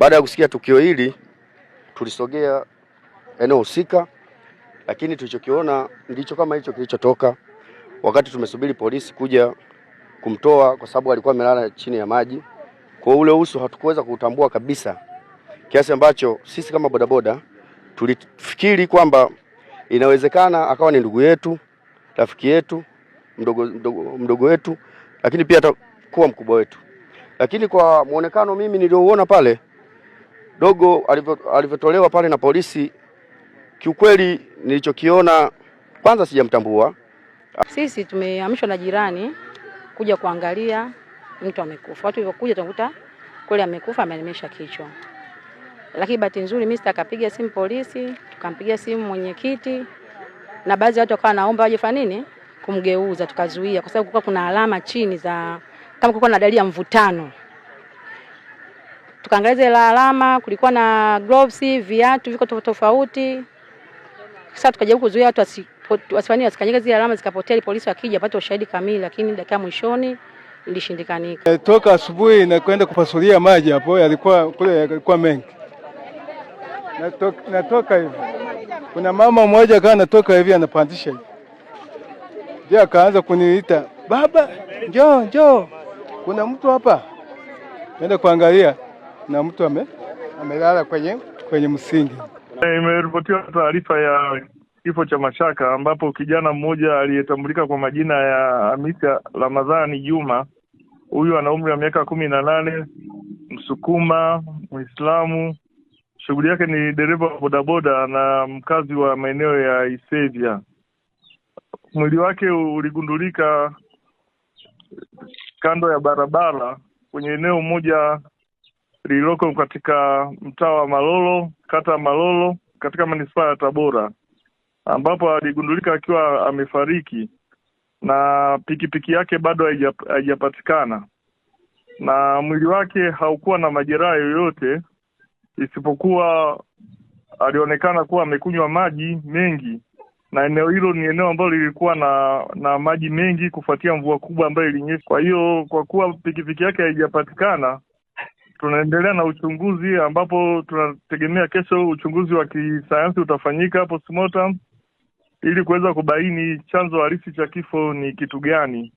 Baada ya kusikia tukio hili, tulisogea eneo husika, lakini tulichokiona ndicho kama hicho kilichotoka wakati tumesubiri polisi kuja kumtoa, kwa sababu alikuwa amelala chini ya maji. Kwa ule uso hatukuweza kuutambua kabisa, kiasi ambacho sisi kama bodaboda tulifikiri kwamba inawezekana akawa ni ndugu yetu, rafiki yetu, mdogo, mdogo, mdogo wetu, lakini pia atakuwa mkubwa wetu. Lakini kwa muonekano mimi niliouona pale Dogo alivyotolewa pale na polisi, kiukweli nilichokiona kwanza, sijamtambua. Sisi tumehamishwa na jirani kuja kuangalia mtu amekufa. Watu walivyokuja tunakuta kweli amekufa, amelemesha kichwa. Lakini bahati nzuri mista akapiga simu polisi, tukampigia simu mwenyekiti na baadhi ya watu wakawa naomba waje fanya nini kumgeuza, tukazuia kwa sababu kulikuwa kuna alama chini za kama kulikuwa na dalili ya mvutano tukaangalia zile alama, kulikuwa na gloves, viatu viko tofauti. Sasa tukajaribu kuzuia watu wasifanyie wasikanyage zile alama zikapotea, polisi wakija apate ushahidi kamili, lakini dakika mwishoni ilishindikanika. Eh, toka asubuhi na kwenda kupasulia maji hapo yalikuwa kule, yalikuwa mengi. Natoka, natoka hivi kuna mama mmoja kana natoka hivi anapandisha hivi, ndio akaanza kuniita baba, njoo njoo, kuna mtu hapa, naenda kuangalia na mtu ame, amelala kwenye kwenye msingi. Imeripotiwa taarifa ya kifo cha Mashaka ambapo kijana mmoja aliyetambulika kwa majina ya Hamisa Ramadhani Juma, huyu ana umri wa miaka kumi na nane, Msukuma Muislamu, shughuli yake ni dereva wa bodaboda na mkazi wa maeneo ya Isevya. Mwili wake uligundulika kando ya barabara kwenye eneo moja lililoko katika mtaa wa Malolo, kata ya Malolo katika manispaa ya Tabora, ambapo aligundulika akiwa amefariki na pikipiki yake bado haijapatikana, na mwili wake haukuwa na majeraha yoyote isipokuwa alionekana kuwa amekunywa maji mengi, na eneo hilo ni eneo ambalo lilikuwa na na maji mengi kufuatia mvua kubwa ambayo ilinyesha. Kwa hiyo kwa kuwa pikipiki yake haijapatikana, tunaendelea na uchunguzi ambapo tunategemea kesho uchunguzi wa kisayansi utafanyika postmortem, ili kuweza kubaini chanzo halisi cha kifo ni kitu gani.